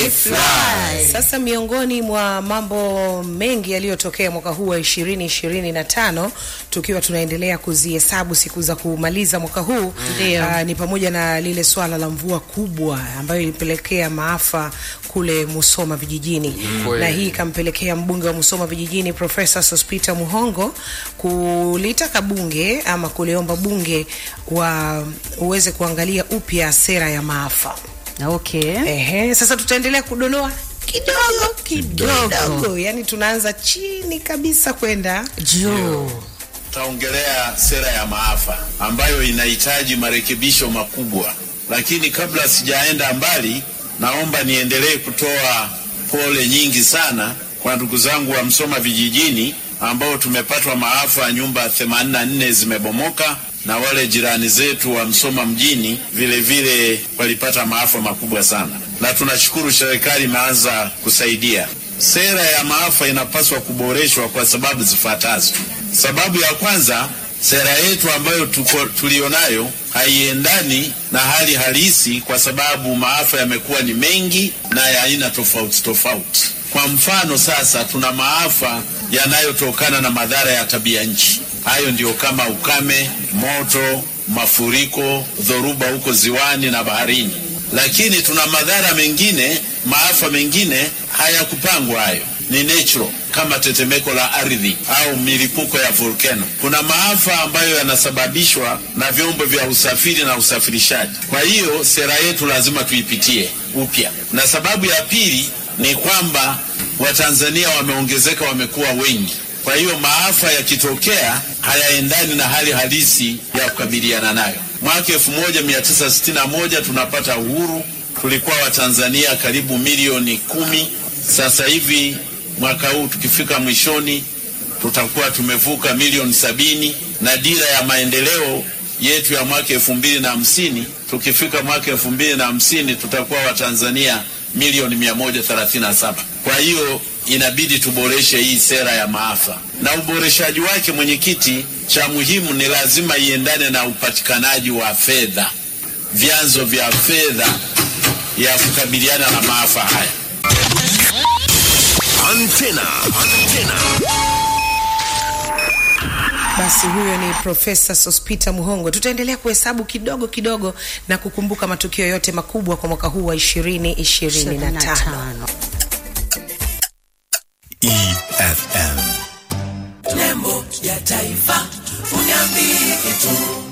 we fly. Sasa miongoni mwa mambo mengi yaliyotokea mwaka huu wa 2025 tukiwa tunaendelea kuzihesabu siku za kumaliza mwaka huu mm. uh, ni pamoja na lile swala la mvua kubwa ambayo ilipelekea maafa kule Musoma vijijini mm. na hii ikampelekea mbunge wa Musoma vijijini Profesa Sospita Muhongo kulitaka bunge ama kuliomba bunge wa uweze kuangalia upya sera ya maafa. Okay. Ehe, sasa tutaendelea kudonoa kidogo kidogo, yani tunaanza chini kabisa kwenda juu. Taongelea sera ya maafa ambayo inahitaji marekebisho makubwa, lakini kabla sijaenda mbali, naomba niendelee kutoa pole nyingi sana kwa ndugu zangu wa Msoma vijijini ambao tumepatwa maafa, nyumba 84 zimebomoka na wale jirani zetu wa Msoma mjini vilevile vile walipata maafa makubwa sana, na tunashukuru serikali imeanza kusaidia. Sera ya maafa inapaswa kuboreshwa kwa sababu zifuatazo. Sababu ya kwanza, sera yetu ambayo tuko tulionayo haiendani na hali halisi, kwa sababu maafa yamekuwa ni mengi na ya aina tofauti tofauti. Kwa mfano, sasa tuna maafa yanayotokana na madhara ya tabia nchi Hayo ndiyo kama ukame, moto, mafuriko, dhoruba huko ziwani na baharini. Lakini tuna madhara mengine, maafa mengine hayakupangwa, hayo ni natural kama tetemeko la ardhi au milipuko ya volkeno. Kuna maafa ambayo yanasababishwa na vyombo vya usafiri na usafirishaji. Kwa hiyo sera yetu lazima tuipitie upya, na sababu ya pili ni kwamba Watanzania wameongezeka, wamekuwa wengi. Kwa hiyo maafa yakitokea hayaendani na hali halisi ya kukabiliana nayo. Mwaka 1961 tunapata uhuru, tulikuwa Watanzania karibu milioni kumi. Sasa hivi mwaka huu tukifika mwishoni tutakuwa tumevuka milioni sabini na dira ya maendeleo yetu ya mwaka elfu mbili na hamsini tukifika mwaka elfu mbili na hamsini tutakuwa Watanzania milioni mia moja thelathini na saba. Kwa hiyo inabidi tuboreshe hii sera ya maafa, na uboreshaji wake, mwenyekiti, cha muhimu ni lazima iendane na upatikanaji wa fedha, vyanzo vya fedha ya kukabiliana na maafa haya. Antena, antena. Basi huyo ni Profesa Sospita Muhongo. Tutaendelea kuhesabu kidogo kidogo na kukumbuka matukio yote makubwa kwa mwaka huu wa tano. nembo ya taifa, uniambie tu.